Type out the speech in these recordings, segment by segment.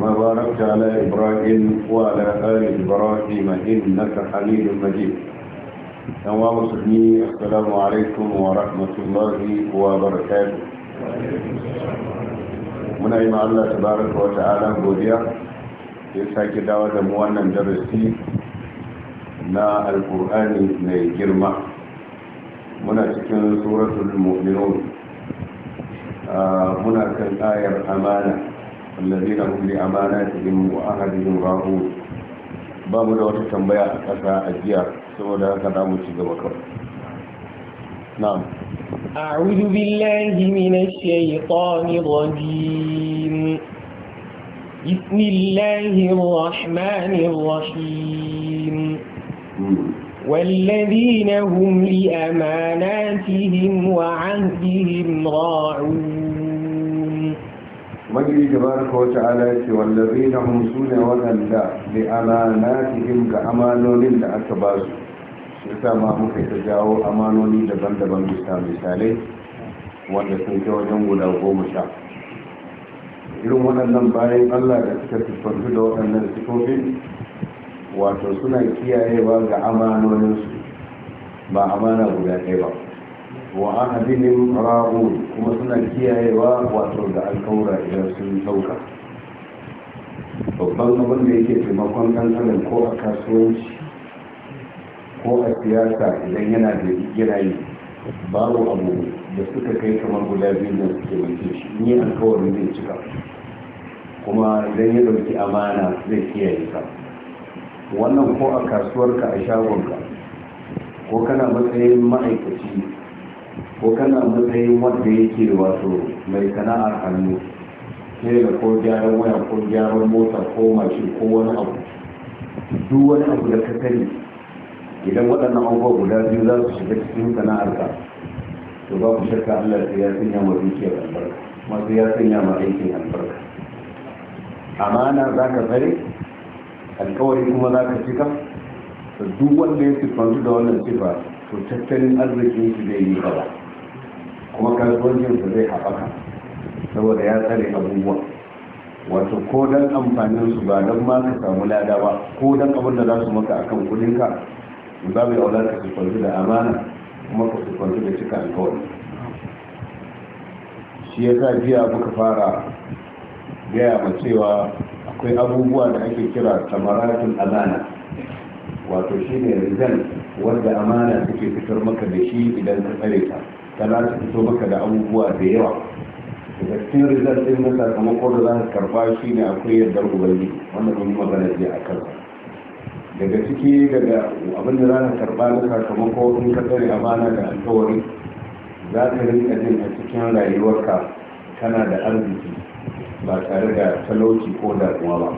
ما باركت على إبراهيم وعلى آل إبراهيم إنك حميد مجيد نوام صحني السلام عليكم ورحمة الله وبركاته من أيما الله تبارك وتعالى بوديا يساك دعوة موانا درسي نا القرآن نيجرما من أتكن سورة المؤمنون آه من آية أمانة الذين هم لأماناتهم وأهدهم راهون بابو دوت التنبيا أسا أجيا سوى ذلك نعم نعم أعوذ بالله من الشيطان الرجيم بسم الله الرحمن الرحيم والذين هم لأماناتهم وعهدهم راعون magiri da baraka wata ala ya ce wallazi na hunsu ne waɗanda da cikin ga amanonin da aka ba su shi sa ma muka ta jawo amanoni daban-daban bisa misalai wanda sun ke wajen guda goma sha irin waɗannan bayan allah da suka siffantu da waɗannan sifofin wato suna kiyayewa ga amanoninsu ba amana guda ɗaya ba wa ahadihim ra'un kuma suna kiyayewa wato da alkawura idan sun sauka babban abin da yake taimakon ɗan ko a kasuwanci ko a siyasa idan yana da girayi babu abu da suka kai kamar guda biyu da suke mace shi ni alkawarin zai cika kuma idan ya ɗauki amana zai kiyaye ka wannan ko a kasuwarka a shagonka ko kana matsayin ma'aikaci ko kana matsayin wanda yake wato mai sana'ar hannu ne da ko gyaran waya ko gyaran mota ko mashin ko wani abu duk wani abu da ka sani idan waɗannan abubuwa guda biyu za su shiga cikin sana'ar ka to ba ku shakka Allah sai ya sanya ma dukiyar albarka masu ya sanya ma aikin albarka amana za ka tsare alkawari kuma za ka cika duk wanda ya siffantu da wannan sifa to tattalin arzikin shi zai yi ba. kuma kasuwancin su zai haɓaka saboda ya tsare abubuwa wato ko dan amfanin su ba dan ma ka samu lada ba ko dan abin da za su maka akan kudin ka ba mai aula ka su da amana kuma ka su da cika alkawari shi ya sa jiya muka fara gaya ma cewa akwai abubuwa da ake kira tamaratun amana wato ne rizal wanda amana suke fitar maka da shi idan ka tsare ta ta za fito maka da abubuwa da yawa daga cikin rizal din na sakamakon da za ka shi ne akwai yardar ubangi wanda mun yi magana jiya a kan daga ciki daga abin da za ka karɓa na sakamako in ka tsare amana da alkawari za ka rinka jin a cikin rayuwarka kana da arziki ba tare da talauci ko damuwa ba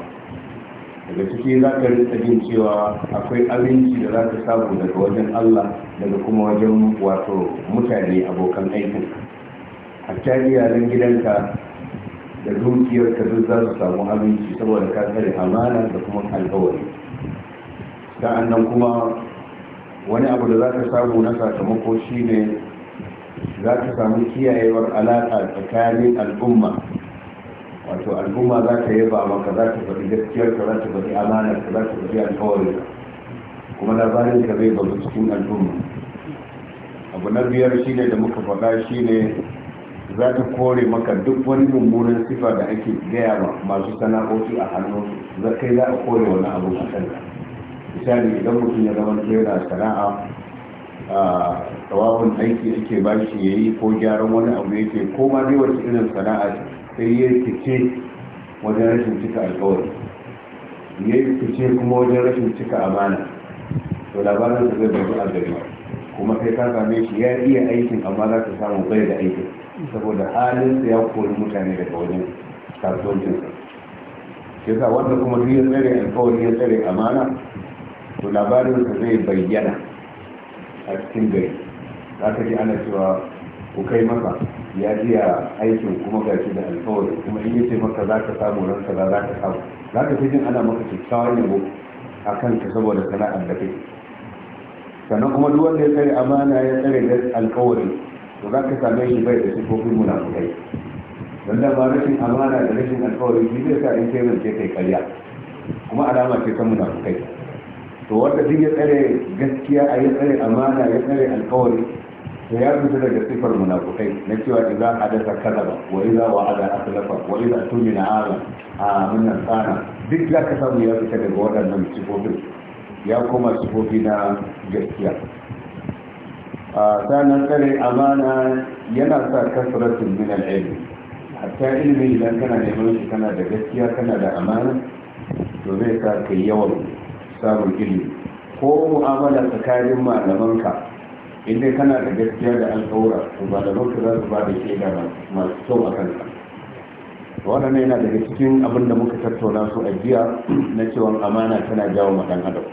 daga ciki za ka rinka jin cewa akwai abinci da za ka samu daga wajen allah daga kuma wajen wato mutane abokan aikin hatta iyalan gidanka da dukiyar ka duk za su samu abinci saboda ka tsare amana da kuma alkawari sa'annan kuma wani abu da za ka samu na sakamako shine za ka samu kiyayewar alaƙa tsakanin al'umma wato al'umma za ta yaba maka za ta faɗi gaskiyar ka za ta faɗi amanar ka za ta faɗi alkawarin kuma labarin ka zai bazu cikin al'umma abu na biyar shine da muka faɗa shine za ta kore maka duk wani mummunan sifa da ake gaya ma masu sana'o'i a hannu za kai za a kore wani abu a kan misali idan mutum ya zama yana sana'a a tsawabin aiki ake bashi shi ya yi ko gyaran wani abu yake ko ma zai wata irin sana'a sai ya fice wajen rashin cika alkawari ya fice kuma wajen rashin cika amana to labarin da zai bazu a gari kuma kai ka same shi ya iya aikin amma za ka samu bai da aikin saboda halinsa ya kori mutane daga wajen kasuwancinsa shi sa wanda kuma duk ya tsare alkawari ya tsare amana to labarin su zai bayyana a cikin gari za ka ji ana cewa ku kai masa ya jiya aikin kuma ga shi da alkawari kuma in yace maka za ka samu ran kaza za ka samu za ka fi jin ana maka kyakkyawan yabo a kanka saboda sana'ar da kake sannan kuma duk wanda ya tsare amana ya tsare da alkawari to za ka same shi bai da sifofin munafukai don da ba rashin amana da rashin alkawari shi zai sa in kai zance kai karya kuma alama ce ta munafukai to wanda duk ya tsare gaskiya a ya tsare amana ya tsare alkawari to ya fita daga sifar munafukai na cewa idza hadasa kadaba wa idza wa'ada aslafa wa idza tumina ala a munnan tsana duk da ka samu ya fita daga waɗannan sifofin ya koma sifofi na gaskiya sanan kare amana yana sa kasratin min al-ilm hatta ilmi idan kana neman shi kana da gaskiya kana da amana to zai sa kai yawan samun ilimi ko mu'amala tsakanin malamanka inda kana da gaskiya da alkawura to ba da lokacin za su ba da shaida ba masu kyau a kanka wannan yana daga cikin abin da muka tattauna su a jiya na cewa amana tana jawo ma dan adam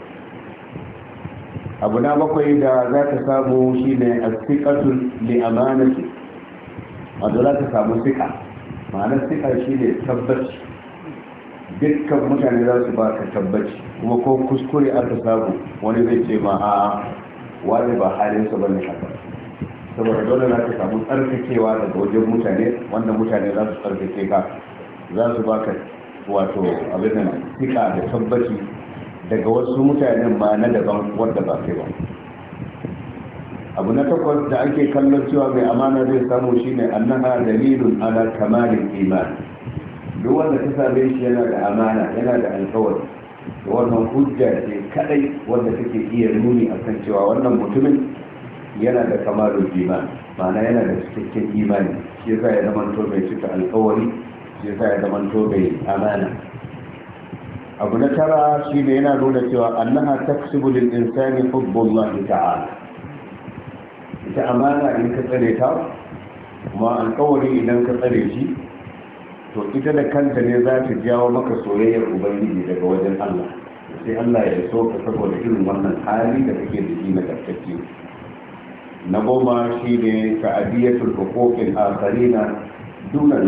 abu na bakwai da za ka samu shi ne a sikatun li amanati wato za ka samu sika ma'anar sika shi ne tabbaci dukkan mutane za su ba ka tabbaci kuma ko kuskure aka samu wani zai ce ma a wani ba halinsa ba ne haka saboda dole na ka samu tsarkakewa daga wajen mutane wanda mutane za su tsarkake ka za su baka wato abin na tika da tabbaci daga wasu mutanen ma na daban wanda ba kai ba abu na takwas da ake kallon cewa mai amana zai samu shine annaha dalilun ala kamalin iman duk wanda ta same shi yana da amana yana da alkawari wannan hujja ce kadai wanda take iya nuni a kan cewa wannan mutumin yana da kamalin iman mana yana da cikakken imani shi yasa ya zama to bai cika alkawari shi yasa ya zama to bai amana abu na tara shi ne yana nuna cewa annaha taksibu lil insani hubbullah ta'ala ita amana in ka tsare ta kuma alkawari idan ka tsare shi to ita da kanta ne za ta jawo maka soyayyar ubangiji daga wajen allah sai allah ya so ka saboda irin wannan hali da kake da shi na gaskacce na goma shi ne ta'adiyatul hukukin asarina duna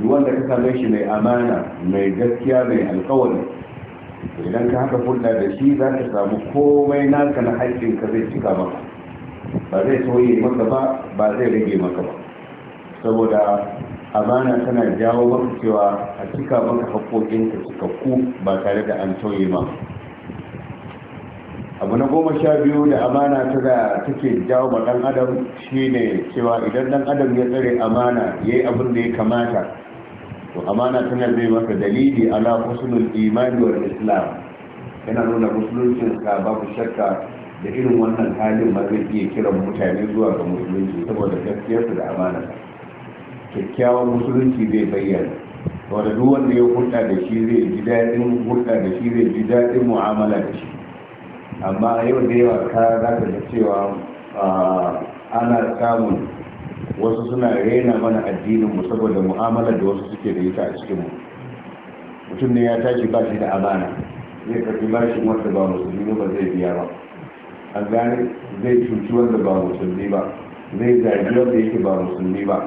Yi wanda ka same shi mai amana mai gaskiya mai alkawari idan ka haka hulɗa da shi za ka samu komai naka na haƙƙin ka zai cika maka ba zai soye maka ba ba zai rage maka ba saboda amana tana jawo maka cewa a cika maka haƙoƙinka cikakku ba tare da an tauye ba abu na goma sha biyu da amana ta da take jawo ma ɗan adam shine cewa idan ɗan adam ya tsare amana ya yi abin da ya kamata to amana tana zai masa dalili ala husnul imani wal islam yana nuna musuluncin ka ku shakka da irin wannan halin ma zai iya kiran mutane zuwa ga musulunci saboda gaskiyarsu da amana kyakkyawan musulunci zai bayyana wanda duk wanda ya hulɗa da shi zai ji daɗin hulɗa da shi zai ji daɗin mu'amala da shi amma yau da yawa ka za ka cewa ana samun wasu suna rena mana addinin mu saboda mu'amala da wasu suke da ita a cikin mu mutum ne ya tashi ba shi da amana zai karfi bashin wanda ba musulmi ba zai biya ba a gane zai cuci wanda ba musulmi ba zai zagi wanda yake ba musulmi ba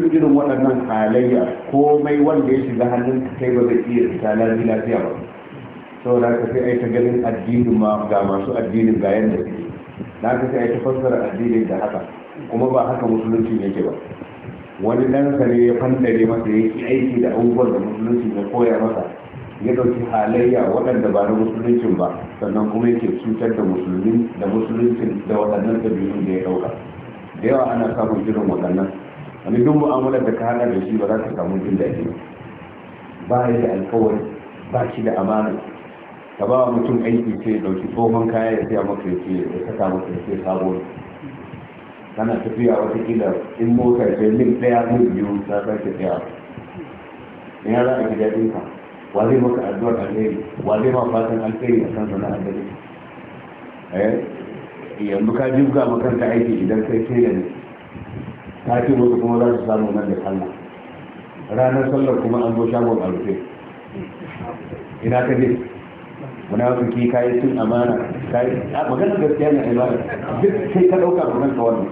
duk irin waɗannan halayya komai wanda ya shiga hannun kai ba zai iya ta lafi lafiya ba saboda ka sai ai ta ganin addinin ma ga masu addinin ga yanda suke na ka sai ai ta fassara addinin da haka kuma ba haka musulunci yake ba wani ɗan sare ya fandare masa ya yi aiki da abubuwan da musulunci ya koya masa ya ɗauki halayya waɗanda ba na musuluncin ba sannan kuma yake cutar da musulmi da musuluncin da waɗannan ɗabi'un da ya ɗauka da yawa ana samun irin waɗannan wani duk mu'amalar da ka hana da shi ba za ka samu jin daɗi ba ya da alkawari ba shi da amana ka ba wa mutum aiki ce da ɗauki tsohon kaya ya siya maka yake ya saka maka ya sabo kana tafiya watakila in mota ce mil ɗaya mil biyu ta ke tsaya in ya za a gida daɗin ka wa zai maka addu'ar alheri wa zai ma fatan alheri a kan sana'ar da ke eh, yanzu ka jibga makaranta aiki idan kai sai da ne kafin wasu kuma za su samu nan da sallah ranar sallar kuma an zo shagon a rufe ina ka je munafiki kayi cin amana kayi a maganar gaskiya ne amana duk sai ka dauka ku nan kawai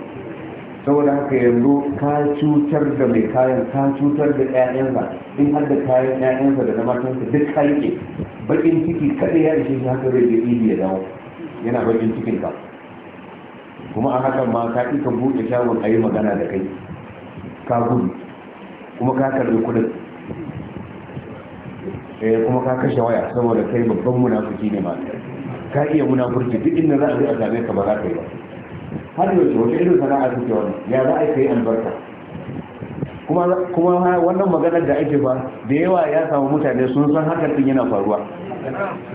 saboda haka yanzu ka cutar da mai kayan ka cutar da ƴaƴansa in har da kayan ƴaƴansa da na matansa duk ka rike bakin ciki kada ya ishe shi haka zai je ya dawo yana bakin cikin ka kuma a hakan ma ka ika buɗe shagon a yi magana da kai ka gudu kuma ka karɓi kuɗin E, kuma ka kashe waya saboda kai babban munafurci ne ma ka iya munafurci duk inda za a zai a same ka ba za ka yi ba har yanzu wata irin sana'a suke wani ya za a kai albarka kuma wannan maganar da ake ba da yawa ya samu mutane sun san hakan din yana faruwa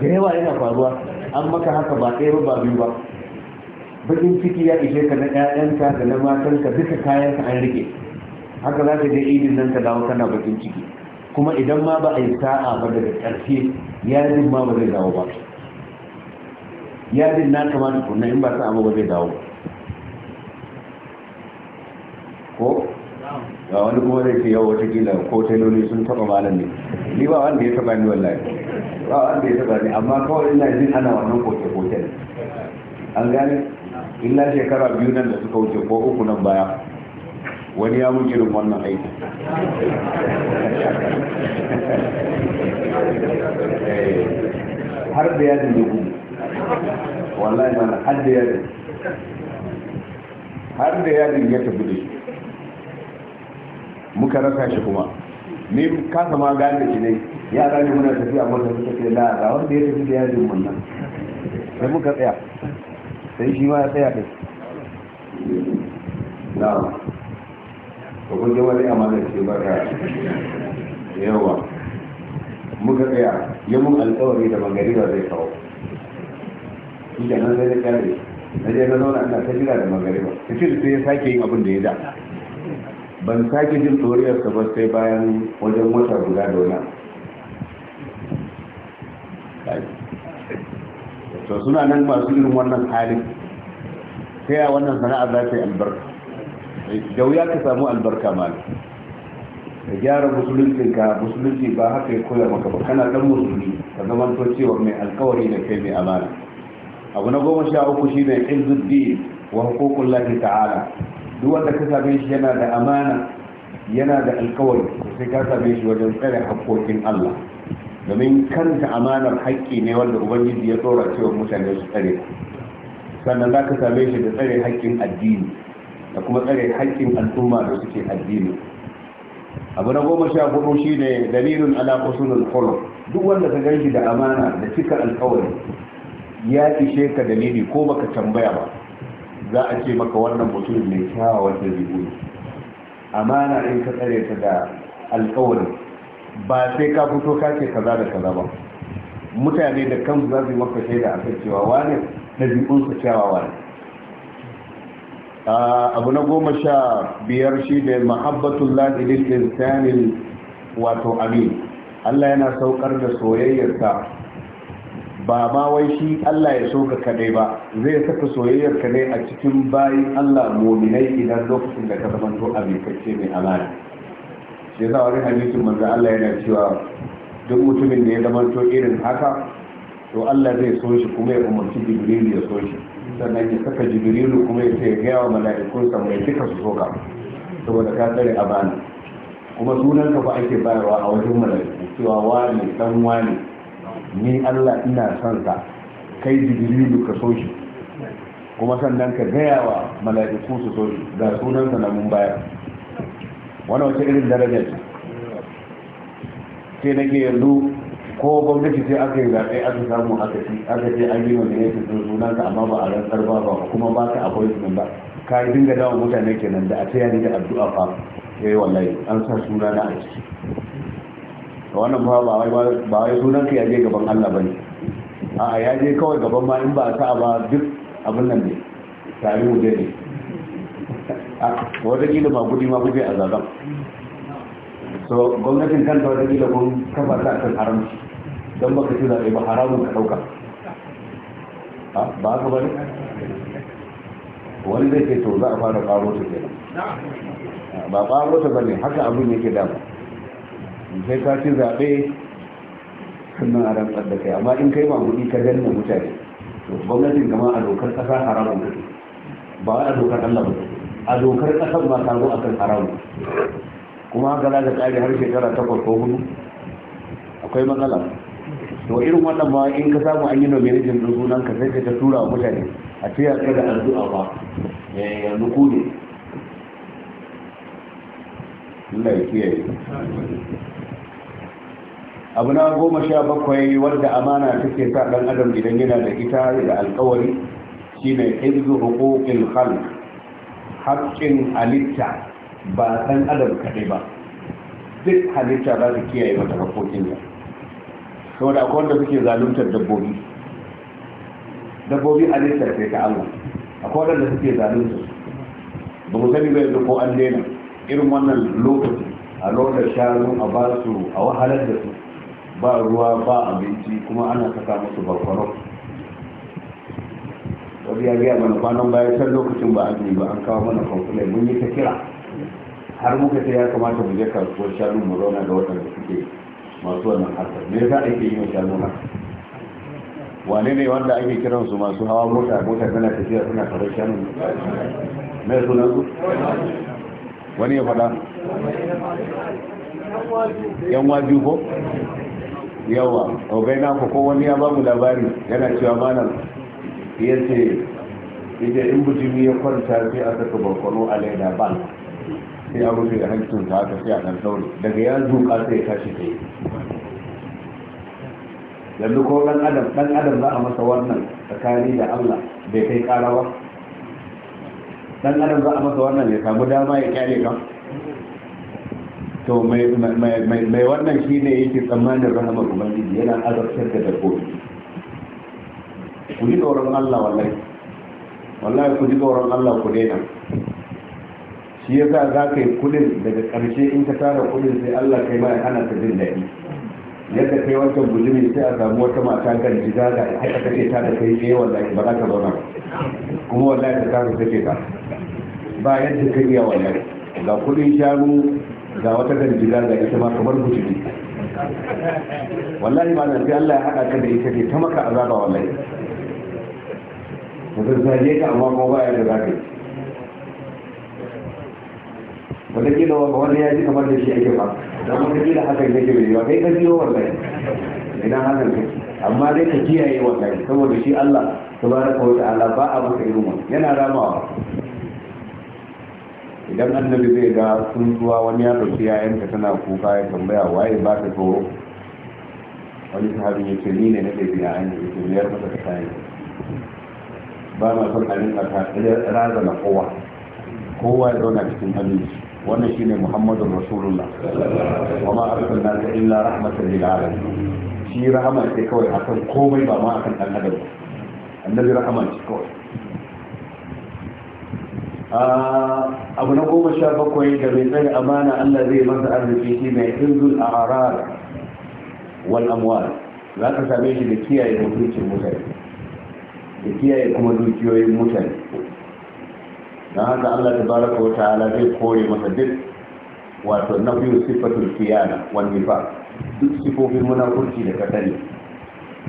da yawa yana faruwa an maka haka ba ɗaya ba biyu ba bakin ciki ya ishe ka na ƴaƴanka da na matanka duka kayan ka an rike haka za ka je idin nan ka dawo kana bakin ciki kuma idan ma ba a yi sa'a ba daga ƙarshe yarin ma ba zai dawo ba yarin na kamata kuna in ba sa'a ba zai dawo ko ga wani kuma zai ce yau watakila ko tailoli sun taɓa malam ne ni ba wanda ya taɓa ni wallahi ba wanda ya taɓa ni amma kawai ina jin ana wannan kotel-kotel an gane illa shekara biyu nan da suka wuce ko uku nan baya wani ya mun irin wannan aiki har da yadin dubu wallahi mana har da yadin har da yadin ya tafi da shi muka rasa shi kuma ni kasa ma gane shi ne ya ne muna tafiya mota suka ce da ga wanda ya tafi da yadin wannan nan sai muka tsaya sai shi ma ya tsaya ɗin na ba kun jama zai amana ce ba ka yawa muka tsaya yi mun alkawari da mangariba zai kawo shi ke nan zai da kyale na je na zauna ina ta jira da mangariba ta cikin sai ya sake yin abin da ya da ban sake jin tsoriyarsa ba sai bayan wajen wata guda da wani to suna nan masu irin wannan halin ta yaya wannan sana'a za ta yi albarka da wuya ka samu albarka ma ka gyara musulunci ba haka ya koya maka ba kana dan musulmi ka zama to cewa mai alkawari da kai mai amana abu na goma sha uku shi ne izzuddin wa hukukun lahi ta'ala duk wanda ka same shi yana da amana yana da alkawari sai ka same shi wajen tsare haƙƙoƙin Allah domin karanta amanar haƙƙi ne wanda ubangiji ya tsora cewa mutane su tsare sannan za ka same shi da tsare haƙƙin addini da kuma tsare haƙƙin al'umma da suke addini abu na goma sha hudu shi ne dalilin ala usulul duk wanda ka ganshi da amana da cika alƙawari ya ishe ka dalili ko baka tambaya ba za a ce maka wannan mutum mai kyawawan dabi'u amana in ka tsare ta da alƙawarin. ba sai ka fito ka ce kaza da kaza ba mutane da kan za su maka shaida a kan cewa wane ɗabi'unsa cewa ne ah, abu na goma sha biyar shi da mahabbatun lajinin insanin wato amin allah yana saukar da soyayyarsa ba ma wai shi allah ya soka kadai ba zai saka soyayyar ne a cikin bayan allah mominai idan lokacin da ka zamanto abin kacce mai amana shi yasa wani hadisin manzo Allah yana cewa duk mutumin da ya zama to irin haka to Allah zai so shi kuma ya umarci Jibrilu ya so shi sannan ya saka Jibrilu kuma ya sai gaya wa mala'ikunsa mai kika su soka saboda ka tsare a bani kuma sunan ka fa ake bayarwa a wajen mala'iku cewa wani dan wani ni Allah ina son ka kai Jibrilu ka so shi kuma sannan ka gaya wa mala'iku su so shi ga sunansa na mun bayar wani wasu irin darajar sai nake yanzu ko gwamnati sai aka yi zaɓe aka samu aka ci aka ce an yi wani yake sun sunan ka amma ba a rantsar ba ba kuma ba ka akwai sunan ba ka yi dinga dawa mutane kenan da a ce yani da addu'a fa ya eh, yi wallahi an sa suna na a ciki wannan ba ba wai sunan ka ya je gaban Allah ba ne a ya je kawai gaban ma in ba a sa'a ba duk abin nan ne tare mu ne wataƙila ba gudi ma gudi a zaben so gwamnatin kanta wataƙila kun kafa ta kan haramci don baka ci zaɓe ba haramun ka ɗauka ba ka ba ne wani zai ce to za a fara ƙaro ta ke ba ƙaro ta ba ne haka abin yake dama sai ka ci zaɓe sannan a rantsar da kai amma in kai ma gudi ka danna mutane to gwamnatin kama a dokar ƙasa haramun ka ba a dokar Allah ba a dokar kasar ba ta zo a kan haramu kuma haka za ka tsari har shekara takwas ko hudu akwai matsala to irin wannan ma in ka samu an yi nomination din sunan ka sai ta tura mutane a ce ya da addu'a ba eh, yanzu ku ne ya kiyaye abu na goma sha bakwai wadda amana take sa ɗan adam idan yana da ita da alkawari shine ƙirgin hukukin halk haƙƙin halitta ba ɗan adam kaɗai ba duk halitta ba su kiyaye mata haƙoƙin ya da akwai wanda suke zaluntar dabbobi dabbobi halitta sai ka Allah akwai wanda suke zaluntar ba mu sani bai ko an daina irin wannan lokaci a lokacin shanu a ba su a wahalar da su ba ruwa ba abinci kuma ana saka musu barkwaro ji ya gaya mana kwanan baya can lokacin ba azumi ba an kawo mana kwamfulai mun yi ta kira har muka ta ya kamata mu je kasuwar shanu mu zauna da waɗanda suke masu wannan harkar me yasa ake yi wa shanu haka wane ne wanda ake kiran su masu hawa mota mota tana tafiya suna kare shanu me sunan su wani ya faɗa yan waju ko yawa ogai na ko wani ya ba mu labari yana cewa malam ya ce ita in bujimi ya kwanta sai a saka bankwano a laida bal sai a rufe hankin ta haka sai a ɗan sauri. daga ya zuƙa sai ya tashi sai yanzu ko ɗan adam ɗan adam za a masa wannan tsakani da allah bai kai ƙarawa ɗan adam za a masa wannan ya samu dama ya kyale kan to mai wannan shi ne yake tsammanin rahama ubangiji yana azabtar da dabbobi ku ji Allah wallahi wallahi ku ji Allah ku dena shi yasa za ka yi kudin daga ƙarshe in ka tara kudin sai Allah kai mai hana ta jin daɗi yadda kai wancan bujimi sai a samu wata mata kan jiga ga haka take ta da kai sai wallahi ba za ka zauna kuma wallahi ta tara take ta ba yadda kai iya wallahi ga kudin shanu ga wata kan jiga ga ita ma kamar bujimi wallahi ba nan sai Allah ya haɗa ka da ita ce ta maka azaba wallahi mutum zage ta amma kuma baya da zaka yi wata kila wani ya ji kamar da shi ake ba don wata kila hakan yake bai ba kai ka biyo wallahi idan hakan kake amma dai ka kiyaye wallahi saboda shi Allah ta ba da wa ta'ala ba a maka irin wannan yana ramawa idan annabi zai ga sun zuwa wani ya dauki yayanka tana kuka ya tambaya waye ba ta tsoro wani sahabin ya ce ni ne na ɗabi yayan ya ce biyar masa ta kayan ba na son a rinka razana kowa kowa ya zauna cikin aminci wannan shine muhammadu rasulullah wa ma arsalna ka illa rahmatan lil alamin shi rahama sai kawai akan komai ba ma akan dan adam annabi rahama ce kawai ah, abu na goma sha bakwai da mai tsaye amana allah zai masa arziki shi mai a a'rar wal amwal za ka same shi da kiyaye mutuncin mutane da kiyaye kuma dukiyoyin mutane don haka allah ta baraka wata ala zai kore masa duk wato na biyu siffatul kiyana wani ba duk sifofin munafurci da kasari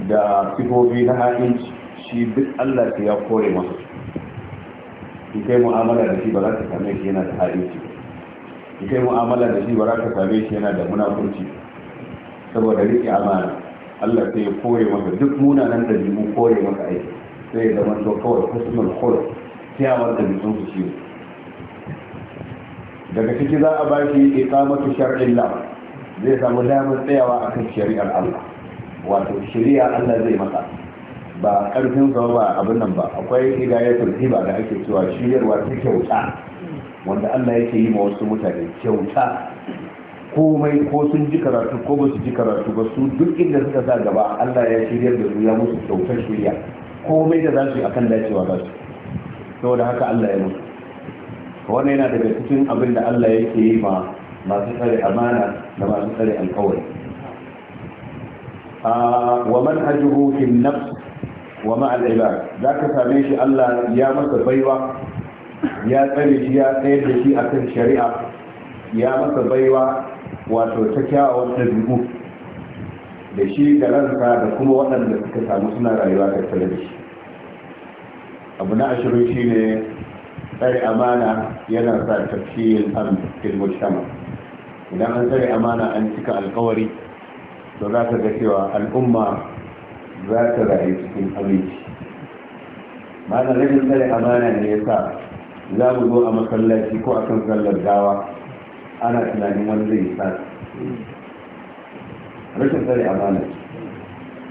da sifofi na ha'inci shi duk allah ta ya kore masa in kai mu'amala da shi ba za ka same shi yana da ha'inci in kai mu'amala da shi ba za ka same shi yana da munafurci saboda riƙe amana allah ta ya kore masa duk munanan da jimu kore masa aiki sai da zama to kawai husnul khuluq kyawar da su ciwo daga ciki za a bashi iqamatu shar'in la zai samu damar tsayawa akan shari'ar Allah wato shari'a Allah zai masa ba karfin zama ba abin nan ba akwai hidayatul hiba da ake cewa shiryarwa ta kyauta wanda Allah yake yi ma wasu mutane kyauta komai ko sun ji karatu ko ba su ji karatu ba su duk inda suka sa gaba Allah ya shiryar da su ya musu kyautar shiryar. komai da za su yi akan dacewa ba su da haka Allah ya mutu wannan yana daga cikin abin da Allah yake yi ma masu tsare amana da masu tsare alkawari wa manhajuhu fi nafs wa ma al zaka same shi Allah ya masa baiwa ya tsare shi ya tsayar da shi akan shari'a ya masa baiwa wato ta kyawawan dabi'u da shi da ranka da kuma waɗanda suka samu suna rayuwa tattare da shi abu na ashirin shi ne tsare amana yana sa an am sama, idan an tsare amana an cika alkawari to za ka ga cewa al'umma za ta rayu cikin aminci ma'ana rajin tsare amana ne ya sa za mu zo a masallaci ko a kan sallar dawa. ana tunanin wani zai sa rashin tsare amana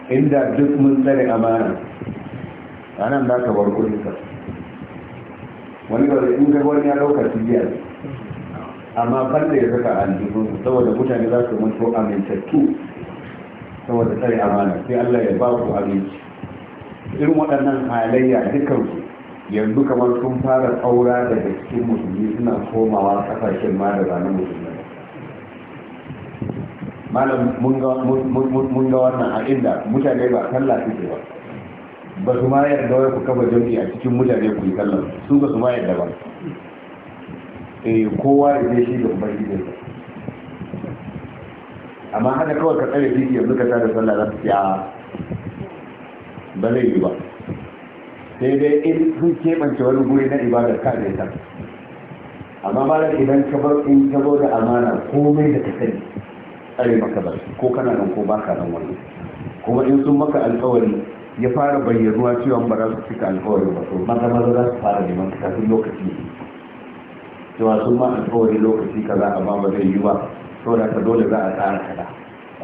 inda duk mun tsare amana a nan za ka bar ka wani ba zai inda wani ya ɗaukar tijiyar amma ban da ya saka aljihun saboda mutane za su mutu amintattu saboda tsare amana sai allah ya ba ku abinci irin waɗannan halayya dukansu yanzu kamar sun fara tsaura daga cikin musulmi suna komawa kasashen ma da zanen musulmi malam mun ga wannan a inda mutane ba sallah suke ba ba su ma yarda wai ku kafa jami'a a cikin mutane ku yi sallah su ba su ma yarda ba eh kowa ya je shi da ubangiji amma haka kawai ka tsare jiki yanzu ka tsare sallah za su ce a ba zai yi ba sai dai in sun keɓance wani guri na ibadar ka ne ta amma malam idan ka bar in ka da amana komai da ka sani tsare maka ba ko kana nan ko baka nan wani kuma in sun maka alkawari ya fara bayyanuwa cewa ba za su cika alkawari ba to maza maza za su fara neman kafin lokaci cewa sun ma alkawari lokaci kaza a ba ba zai yi ba saboda ka dole za a tsara kada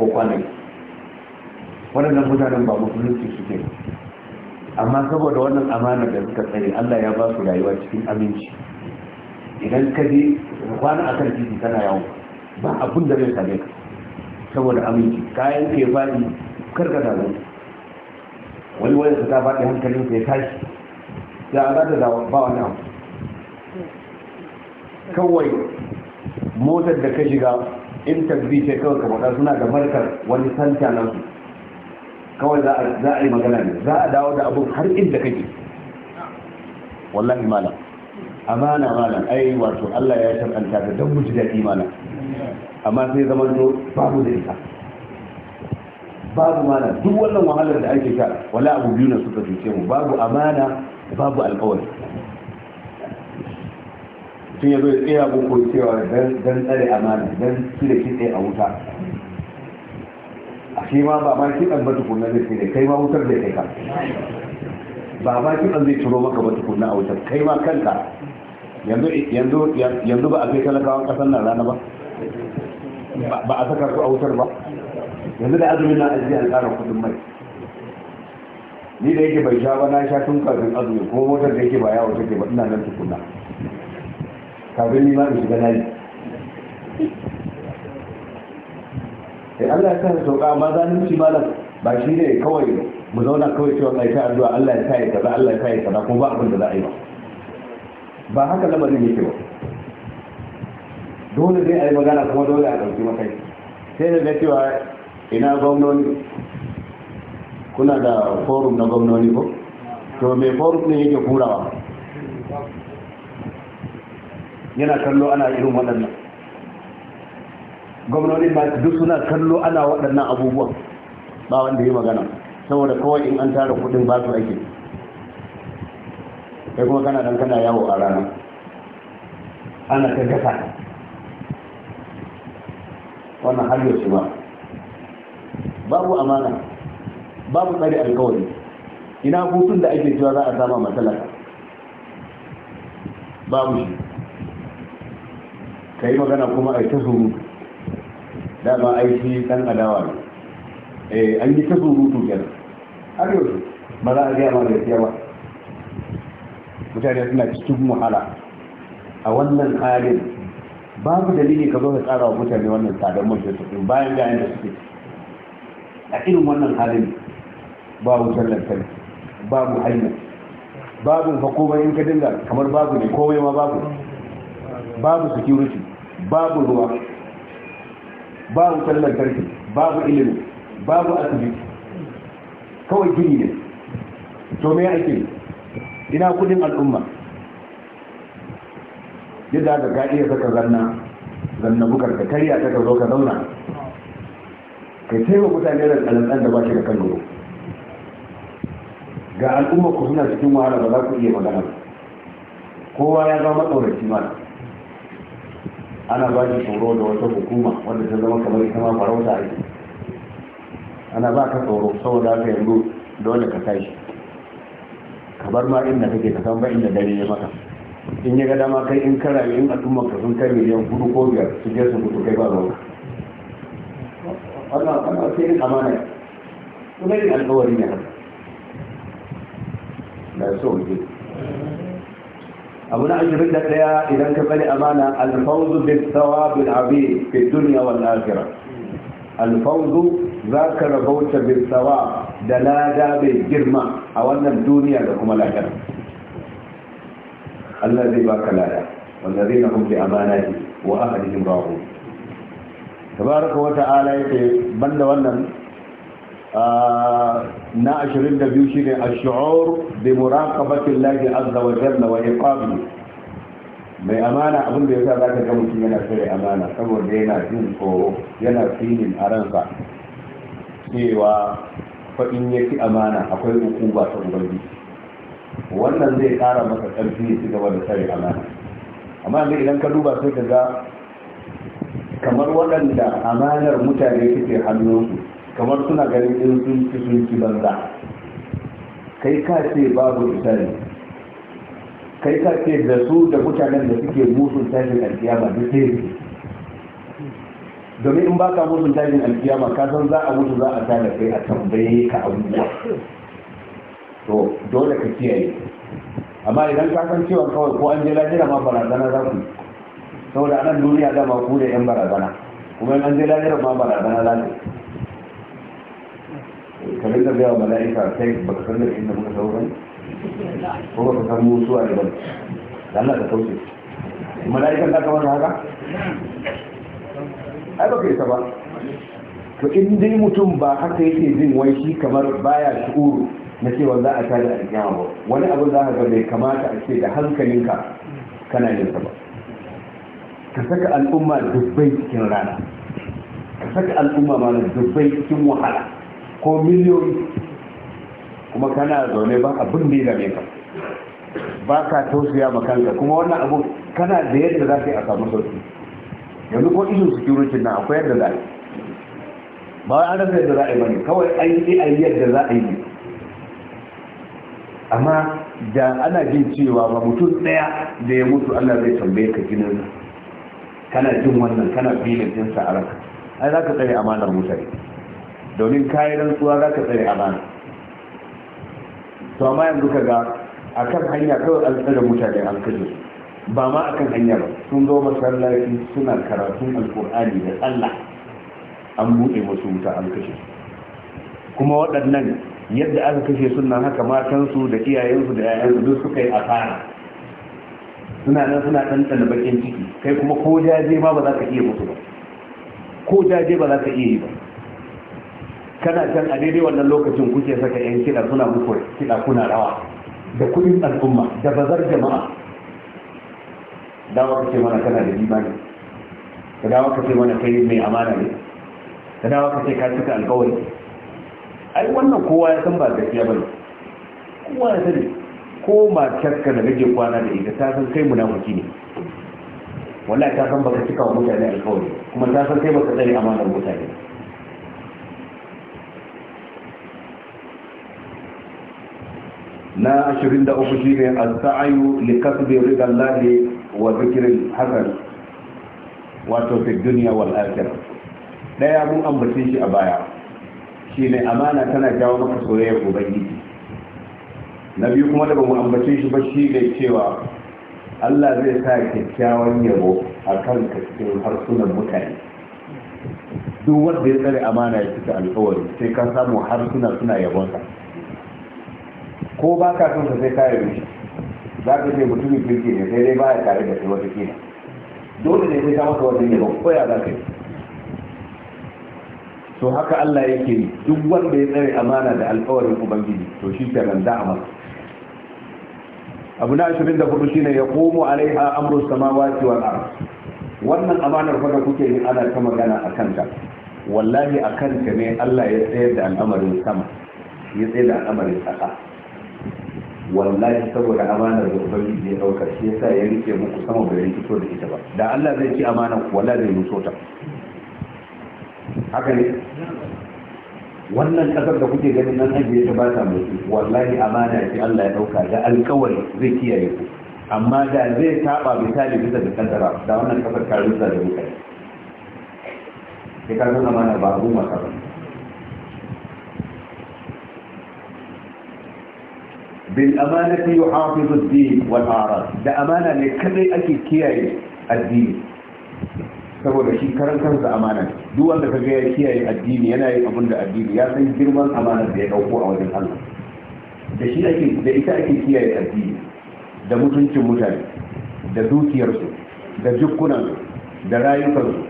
ko kwanaki waɗannan mutanen ba musulunci suke amma saboda wannan amana da suka tsare Allah ya ba su rayuwa cikin aminci idan ka je kwana a kan titi kana yawo ba abun da zai same ka saboda aminci kayan ke faɗi karka damu wani wani ta faɗi hankalin ka ya tashi ya an zata da ba wani abu kawai motar da ka shiga in tabbi ce kawai ka faɗa suna da markar wani santa na su kawai za a yi magana ne za a dawo da abun har inda kake wallahi malam amana malam ai wato Allah ya shar'anta da don mu ji daɗi malam amma sai zaman to babu da ita babu mana duk wannan wahalar da ake sha wala abu biyu na suka cuce mu babu amana babu alkawari tun ya ya tsaya ko cewa dan tsare amana dan cire kitse a wuta a shi ma ba ma kitsan ba tukunna zai tsire kai ma wutar zai kai ka ba ma kitsan zai turo maka ba tukunna a wutar kai ma kanka yanzu ba a kai talakawan ƙasar nan rana ba ba a saka su a wutar ba yanzu da azumin na ajiye an tsara kudin mai ni da yake bai sha ba na sha tun kafin azumi ko motar da yake ba yawo take ba ina nan tukuna kafin ni ma in shiga nayi sai eh, Allah ya kasa sauka amma zalunci malam ba shi ne kawai mu zauna kawai cewa kai ta addu'a Allah ya sa ya kaza Allah ya sa ya kaza ko ba abin da za a yi ba ba haka lamarin yake ba dole zai a yi magana kuma dole a ɗauki mataki sai da cewa ina gwamnoni kuna da forum na gwamnoni ko to mai forum ne yake kurawa yana kallo ana irin waɗannan gwamnoni ba duk suna kallo ana waɗannan abubuwan ba wanda ya magana saboda kawai in an tara kudin ba su ake kai kuma kana dan kana yawo a rana ana ta gasa wannan har yaushe ba babu amana babu tsari alkawari ina hutun da ake cewa za a sama matsalar babu shi ka yi magana kuma a yi ta surutu dama a yi shi ɗan adawa ne eh an yi ta surutu kenan har yaushe ba za a gaya ma gaskiya ba mutane suna cikin wahala a wannan halin babu dalili ka zo ka tsara wa mutane wannan tsadar mafi fetur din bayan gayan da suke a irin wannan halin ba wutar lantarki babu hanya babu hukumar in ka dinga kamar babu ne kowai ma babu babu security babu ruwa babu wutar lantarki babu ilimi babu asibiti kawai gini ne to me ake ina kudin al'umma yadda da ka iya saka zanna zanna bukar ka karya ta ka zo ka zauna kai sai wa mutane da tsanantsan da ba shi da kan gudu ga al'umma ku suna cikin wahala ba za ku iya magana kowa ya zama tsoraci ma ana ba shi tsoro da wata hukuma wanda ta zama kamar ita ma farauta a ana ba ka tsoro saboda haka yanzu wanda ka tashi ka bar ma inda kake ka san ba inda dare ya maka in ya ga dama kai in kara in al'umma ka sun kai miliyan hudu ko biyar su je su mutu kai ba zauna wannan wannan sai in amana ne kuma yin alkawari ne haka da so ne abu na ashirin da ɗaya idan ka tsare amana alfawzu bin sawabin abi fi duniya wal akhirah alfawzu za ka rabauta bin sawab da lada mai girma a wannan duniya da kuma lahira Allah zai baka lada wanda zai na hum amana amanati wa jikin ra'u tabaraka wata ta'ala yake banda wannan na ashirin da biyu shi ne a ash da muraka bakin Allah azza wa jalla wa iqabi mai amana abin da yasa zaka ga mutum yana sai amana saboda yana jin tsoro yana finin a ransa cewa faɗin ya yaki amana akwai hukuma ta ubangiji wannan zai kara masa ƙarfi ya ci gaba da tsari amana amma yanzu idan ka duba sai ka ga kamar waɗanda amanar mutane suke hannunsu kamar suna ganin in sun ci sun ci banza kai ka ce babu isari kai ka ce da su da mutanen da suke musun tashin alkiyama duk sai su? domin in ba ka musun tashin alkiyama ka san za a mutu za a tana kai a tambaye ka abubuwa to dole ka kiyaye amma idan ka san cewa kawai ko an je lahira ma barazana za ku saboda anan duniya dama ku da yan barazana kuma an je lahira ma barazana za ku ka rinka gaya wa mala'ika sai ba ka san da inda muka sauran ko ba ka san musu a ban da Allah ka kauce mala'ikan da ka wani haka ai ba ka ta ba to in dai mutum ba haka yake jin wai shi kamar baya shi'uru na cewa za a tada alkiyama ba wani abu za ka ga bai kamata a ce da hankalinka kana yin ba ka saka al'umma dubbai cikin rana ka saka al'umma ma dubbai cikin wahala ko miliyoyi kuma kana zaune ba abin da ya ka ba ka tausaya ma kanka kuma wannan abu kana da yadda za ka yi a samu sauki yanzu ko ishin security na akwai yadda za a yi ba an rasa yadda za a yi ba ne kawai an yi yadda za a yi amma da ana jin cewa ba mutum daya da ya mutu Allah zai tambaye ka jinin kana jin wannan kana filin jinsa a ranka ai za ka tsare amanar mutane domin kayi rantsuwa za ka tsare amana to amma yanzu ka ga a kan hanya kawai an tsare mutane an kashe ba ma a kan hanya ba sun zo masallaci suna karatun alkur'ani da allah an buɗe wasu wuta an kashe kuma waɗannan yadda aka kashe sunan haka matansu da iyayensu da yayansu duk suka yi asara suna nan suna da bakin ciki kai kuma ko jaje ma ba za ka iya musu ba ko jaje ba za ka iya yi ba kana can a daidai wannan lokacin kuke saka yan kiɗa suna muku kiɗa kuna rawa da kuɗin al'umma da bazar jama'a dawa kace mana kana da limani ka dawa kace mana kai mai amana ne ka dawa kace ka cika alƙawari ai wannan kowa ya san ba gaskiya ne, kowa ya sani ko matarka da kake kwana da ita ta san kai munafiki ne wallahi ta san baka cika wa mutane alkawari kuma ta san kai baka tsare amanar mutane na 23 shine as-sa'yu li kasbi ridallahi wa zikirin hasan wato fi dunya wal akhirah daya mun ambace shi a baya shi ne amana tana jawo maka soyayyar ubangiji na biyu kuma da ba mu ambace shi ba shi ne cewa Allah zai sa kyakkyawan yabo a kan cikin harsunan mutane duk wanda ya tsare amana ya cika alkawari sai ka samu harsuna suna yabonsa ko ba ka son sai ka yabe shi za ka ce mutumin kirki ne sai dai ba ya tare da kai wata kina dole ne sai ka masa wajen yabon ko ya za ka yi to haka Allah yake yi duk wanda ya tsare amana da alƙawarin ubangiji to shi ke nan da'a masa abu na 24 shine ya komo alaiha amru samawati wal ard wannan amanar fa kuke yi ana ta magana a kanta. wallahi a kanta ne Allah ya tsayar da al'amarin sama ya tsayar da al'amarin ƙasa wallahi saboda amanar da ubangiji ya dauka shi yasa ya rike muku sama bai rikito da ita ba da Allah zai ci amanar wala zai ruso ta haka ne wannan kasar da kuke ganin nan ajiye ta ba ta mutu wallahi amana ce Allah ya dauka da alkawari zai kiyaye ku amma da zai taba misali bisa da kaddara da wannan kasar ka rusa da mutane sai ka san amana ba abu maka ba bil amanati yuhafizu ad-din wal a'rad da amana ne kadai ake kiyaye addini saboda shi karan kansa amana duk wanda kaga ya kiyaye addini yana yin abin da addini ya san girman amana da ya dauko a wajen Allah da shi ake da ita ake kiyaye addini da mutuncin mutane da dukiyarsu da jukkunansu da rayukansu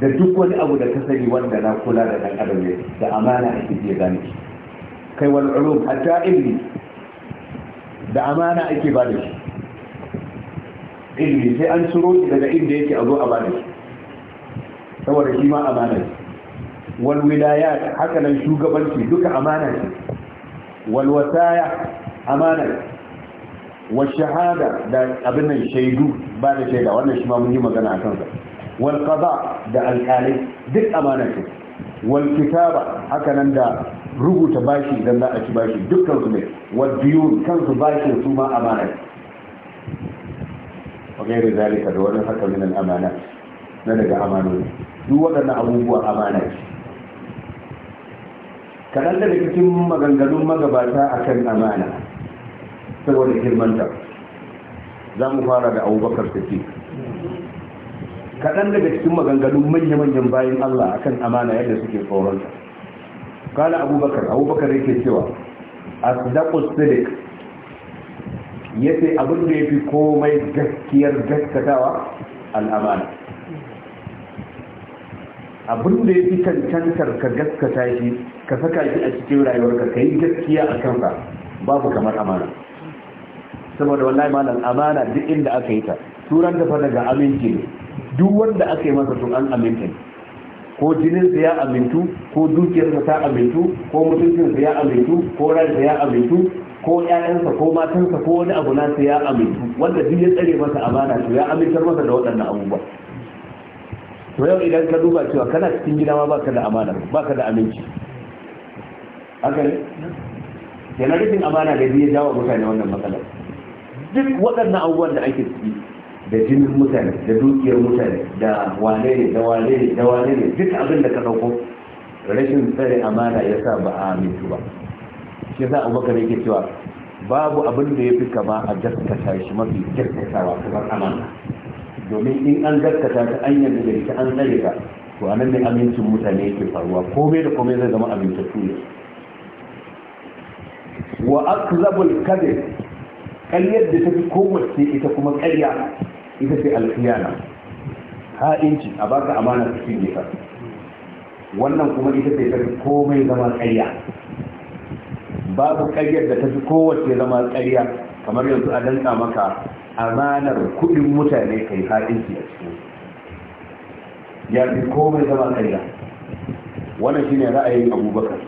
da duk wani abu da ka sani wanda na kula da dan adam ne da amana ake iya gane shi kai wal ulum hatta ilmi da amana ake ba da shi ilmi sai an ciro daga inda yake a zo a ba da shi saboda shi ma amana ne wal wilayat haka nan shugabanci duka amana ne wal wasaya amana ne wal shahada da abin nan shaidu ba da shaida wannan shi ma mun yi magana a kansa wal qada da alƙalai duk amana ne wal kitaba haka nan da rubuta bashi idan za a ci bashi dukkan su ne wal diyun kansu bashin su ma amana ne وغير ذلك دون حتى من الأمانات na daga amanoni duk waɗannan abubuwa amana ce kaɗan daga cikin maganganun magabata a kan amana saboda girmanta za mu fara da abubakar sake kaɗan daga cikin maganganun manya-manyan bayan allah a kan amana yadda suke tsoronta kala abubakar abubakar yake cewa asdaqus ya ce abin da fi komai gaskiyar gaskatawa al'amana abin da ya fi cancantar ka gaskata shi ka saka shi a cikin rayuwarka ka yi gaskiya a kansa babu kamar amana saboda wallahi malam amana duk inda aka yi ta turan ta daga aminci ne duk wanda aka yi masa sun an aminta ko jinin ya amintu ko dukiyarsa ta amintu ko mutuncinsa ya amintu ko ransa ya amintu ko ƴaƴansa ko matansa ko wani abu nasa ya amintu wanda duk ya tsare masa amana to ya amintar masa da waɗannan abubuwa to yau idan ka duba cewa kana cikin gida ma baka da amana baka da aminci haka ne yana rufin amana da zai jawo mutane wannan matsalar duk waɗannan abubuwan da ake ciki da jinin mutane da dukiyar mutane da wane ne da wane ne da wane ne duk abin da ka ɗauko rashin tsare amana ya sa ba a amintu ba shi sa da yake cewa babu abin da ya fi kama a jaskata shi mafi gaskatawa kamar amana domin in an gaskata ta an yarda da ita an tsare ka to anan ne amincin mutane ke faruwa komai da komai zai zama amintattu ne wa akzabul kadhib ƙaryar da ta fi kowace ita kuma ƙarya ita ce alkhiyana inci, a baka amana ta cinye ka wannan kuma ita ce ta fi komai zama ƙarya babu ƙaryar da ta fi kowace zama ƙarya kamar yanzu a danka maka amanar kudin mutane kai ha'inci a cikin ya fi komai zama kaida wannan shine ra'ayin abubakar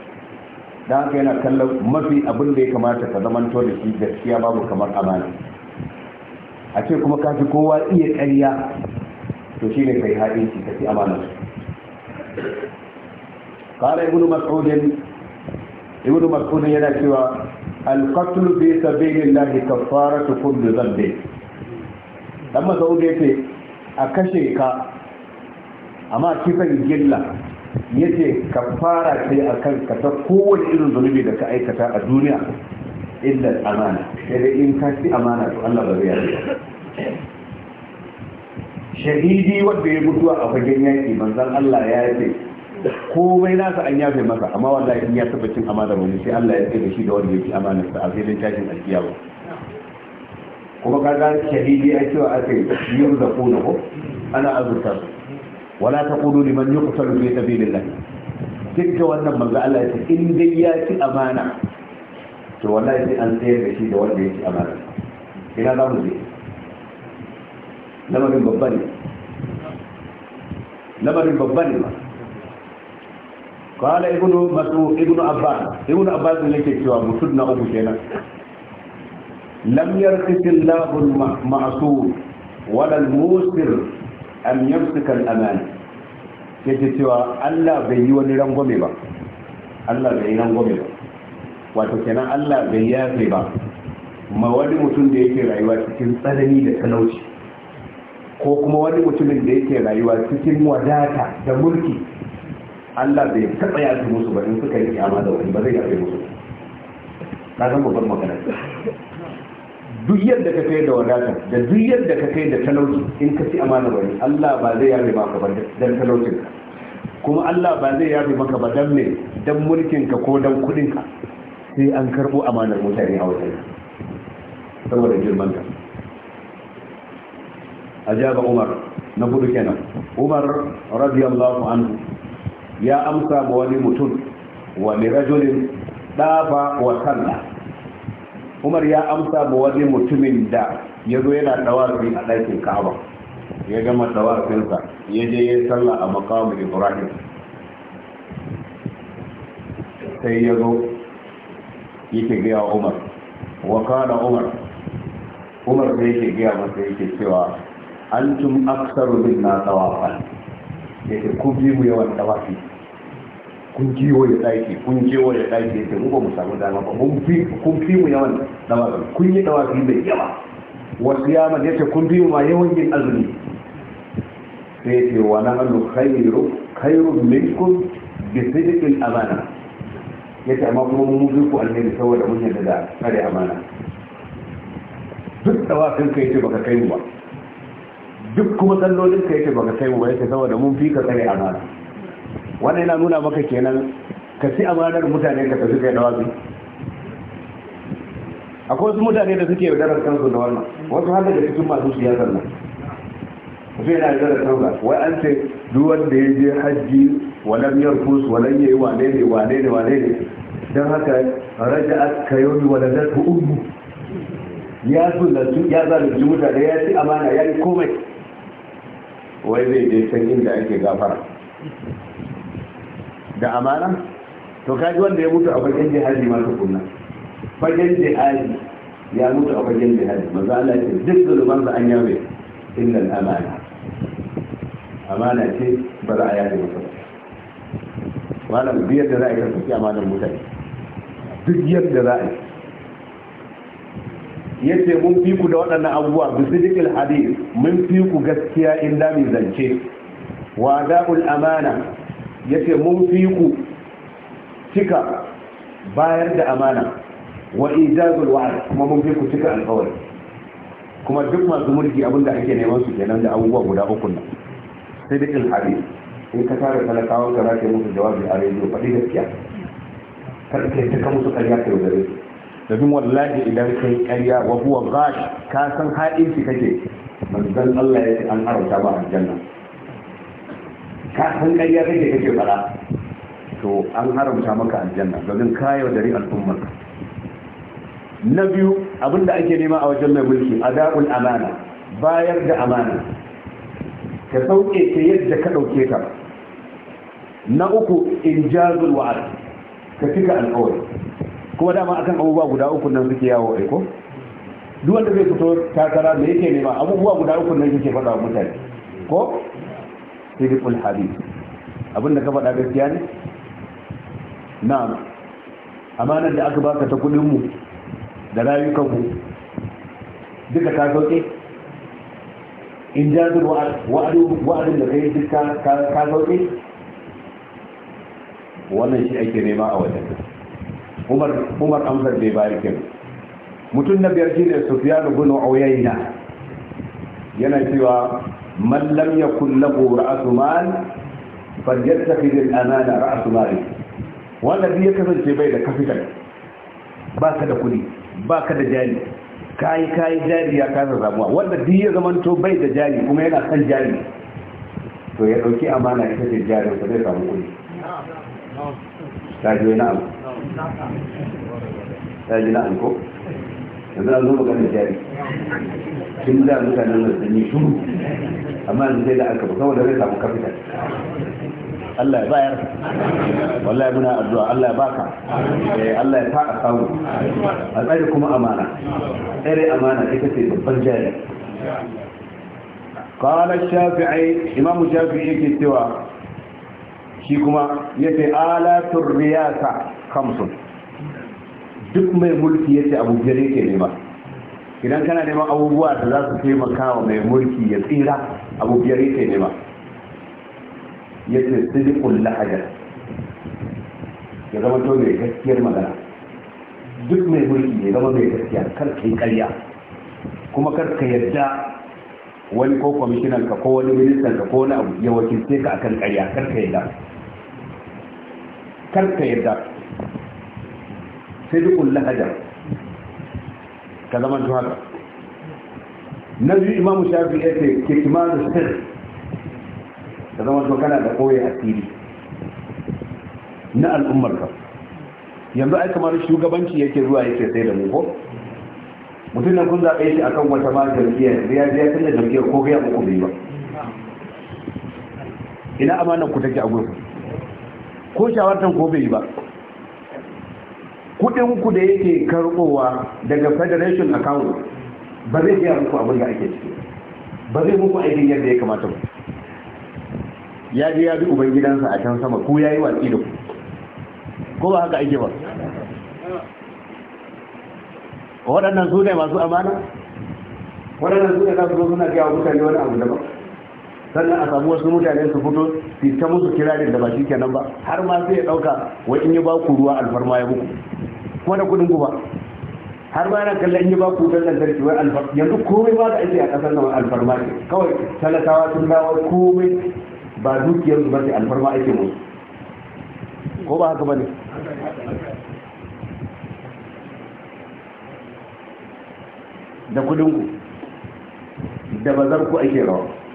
don haka yana kallon mafi abin da ya kamata ka zama to da shi gaskiya babu kamar amana a ce kuma kafi kowa iya ƙarya to shine kai haɗin ka fi amana قال ابن مسعود ابن مسعود yana cewa bai alqatlu fara ta kaffaratu zan dhanbin dan da ya a kashe ka amma kifan gilla yace kafara ce akan ka ta kowane irin zunubi da ka aikata a duniya illa amana sai in ka ci amana to Allah ba zai yarda shahidi wanda ya mutuwa a fagen yaki manzon Allah ya ce komai nasa an yafe masa amma wallahi in ya tabbacin cin da wani sai Allah ya kai da shi da wanda yake amana sa a cikin tashin alkiya ba kuma kaga shahidi ya cewa aka yi da kuna ko ana azurta su wala taqulu liman yuqtalu fi sabilillah duk da wannan manzo Allah ya ce in dai ya ci amana to wallahi sai an tsayar da shi da wanda ya amana ina za mu je lamarin babban ne lamarin babban ne ba qala ibnu mas'ud ibnu abbas ibnu abbas ne yake cewa mutum na uku kenan lam yarqisi Allahu al-ma'sur wala al-musir an yamsika al-amana yake cewa Allah bai yi wani rangwame ba Allah bai yi rangwame ba wato kenan Allah bai yafe ba ma wani mutum da yake rayuwa cikin tsanani da talauci ko kuma wani mutumin da yake rayuwa cikin wadata da mulki Allah bai taɓa yafi musu ba in suka yi kyama da wani ba zai yafe musu na san babban magana duk yadda ka kai da wadata da duk yadda ka kai da talauci in ka ci amana bari Allah ba zai yafe maka ba dan talaucin ka kuma Allah ba zai yafe maka ba dan ne dan mulkin ka ko dan kudin ka sai an karbo amanar mutane a wajen saboda girman ka ajaba Umar na hudu kenan Umar radiyallahu anhu ya amsa ma wani mutum wa rajulin dafa wa salla umar ya amsa ma wani mutumin da ya zo yana dawafi a ɗakin ka'aba ya gama dawafinsa ya je ya salla a makamu ibrahim sai ya zo yake gaya umar wa kana umar umar sai yake gaya masa yake cewa antum aksaru bin na tawafan yake kubi mu yawan tawafi kun ya ɗaki kun kewaye ɗaki yake mu ba mu samu dama ba mun fi kun fi mu yawan dama. kun yi dawafi mai yawa wasu yaman yace kun fi mu ma yawan yin azumi sai ce wa na hannu khairu khairu minkum bi sidqil amana yace amma kuma mun fi ku alheri saboda mun yarda da kare amana duk dawafin kai ce baka kai mu ba duk kuma sallolin kai ce baka kai mu ba yace saboda mun fi ka kare amana wannan yana nuna maka kenan ka ci amanar mutane ka tafi kai dawabi akwai wasu mutane da suke yaudarar kansu da wannan wasu har daga cikin masu siyasar nan kuma yana da yaudarar kansu wai an ce duk wanda ya je hajji walam yarkus walam yayi wane ne wane ne wane ne dan haka raja'at kayumi waladatu ummu ya zalunci ya zalunci mutane ya ci amana ya yi komai wai zai je can inda ake gafara da amana to kaji wanda ya mutu a fagen jihadi ma kunna fagen jihadi ya mutu a fagen jihadi manzo Allah ce duk zuluman da an yawe illa amana amana ce ba za a yaji masa ba malam biyar da za a yi karfafi amanar mutane duk yadda za a yi ya ce mun fi ku da waɗannan abubuwa bisidikil hadis mun fi ku gaskiya in dami zance wa da'ul amana ya ce mun fi ku cika bayar da amana wa ijazul wa'ad kuma mun fi ku cika alƙawari kuma duk masu mulki abinda ake neman su kenan da abubuwa guda uku nan sai da ilhari in ka tara talakawan ka zaka musu jawabi a rediyo faɗi gaskiya kar ka yi ka musu ƙarya ka yaudare su domin wallahi idan kai ƙarya wa huwa gash ka san haɗin shi kake manzon Allah ya ce an haramta ba aljanna ka san ƙarya kake kake fara to an haramta maka aljanna domin ka dari al'ummar na biyu abinda ake nema a wajen mai mulki adabul amana bayar da amana ka sauke ta yadda ka ɗauke ta na uku injazul wa'ad ka cika alƙawari kuma dama akan abubuwa guda uku nan suke yawo ko duk wanda zai fito takara da yake nema abubuwa guda uku nan yake faɗa wa mutane ko sidiqul abin abinda ka faɗa gaskiya ne Na. amanar da aka baka ta kudin mu da rayukan mu duka ka sauke in jazir wa'adin da kai duka ka sauke wannan shi ake nema a wajen umar umar amsar bai bari kenan mutum na biyar shine sufyan ibn uyayna yana cewa man lam yakun lahu ra'su mal falyattakhidh al-amana ra'su mal wanda ya kasance bai da capital baka da kudi baka da jari kayi kayi jari ya kasa samuwa wanda duk ya zamanto bai da jari kuma yana kan jari to ya dauki amana ita ce jarin sa zai samu kudi ta yanzu an zo magana jari tun da mutanen da sun yi shuru amma yanzu sai da aka buga wanda zai samu kafital Allah ya bayar wallahi muna addu'a Allah ya baka eh Allah ya ta'a samu a kuma amana tsare amana ita ce babban jari قال الشافعي امام الشافعي كتوا شي يتي آلات الرياسة خمس duk mai mulki ya ce abu biyar ke nema idan kana neman abubuwa da za su taimaka wa mai mulki ya tsira abu biyar ke nema ya ce silikun lahajar ya zama to mai gaskiyar magana duk mai mulki ya zama mai gaskiya kar ka yi karya kuma kar ka yadda wani ko kwamishinan ka ko wani ministan ka ko wani abu ya wakilce ka akan karya kar ka kar ka yadda sidqul lahaja ka zama tun haka na biyu imamu shafi ya ce da sir ka zama tun kana da a asiri na al'ummar ka yanzu ai kamar shugabanci yake zuwa yake sai da mu ko mutum na kun zaɓe shi a kan wata ma jam'iyyar ya ya tunda jirgiya ko ga muku bai ba ina amanan ku take a gurin ko shawartan ko bai yi ba kudin ku da yake karbowa daga federation account ba zai biya muku abin da ake ciki ba zai muku aikin yadda ya kamata ba ya je ya bi ubangidansa a can sama ko ya yi watsi da ku ko ba haka ake ba waɗannan su ne masu amana waɗannan su ne za su zo suna gaya wa mutane wani abu ba sannan a samu wasu mutane su fito su ta musu kirarin da ba shi kenan ba har ma sai ya dauka wa in yi ba ku ruwa alfarma ya muku kuma da kudin ku ba har ma yana kallon in yi ba ku wutar lantarki wai alfarma yanzu komai ba da ake a kasar nan alfarma ne kawai talakawa sun dawo komai ba dukiyar su ba sai alfarma ake musu ko ba haka ba ne da kudin ku da bazar ku ake rawa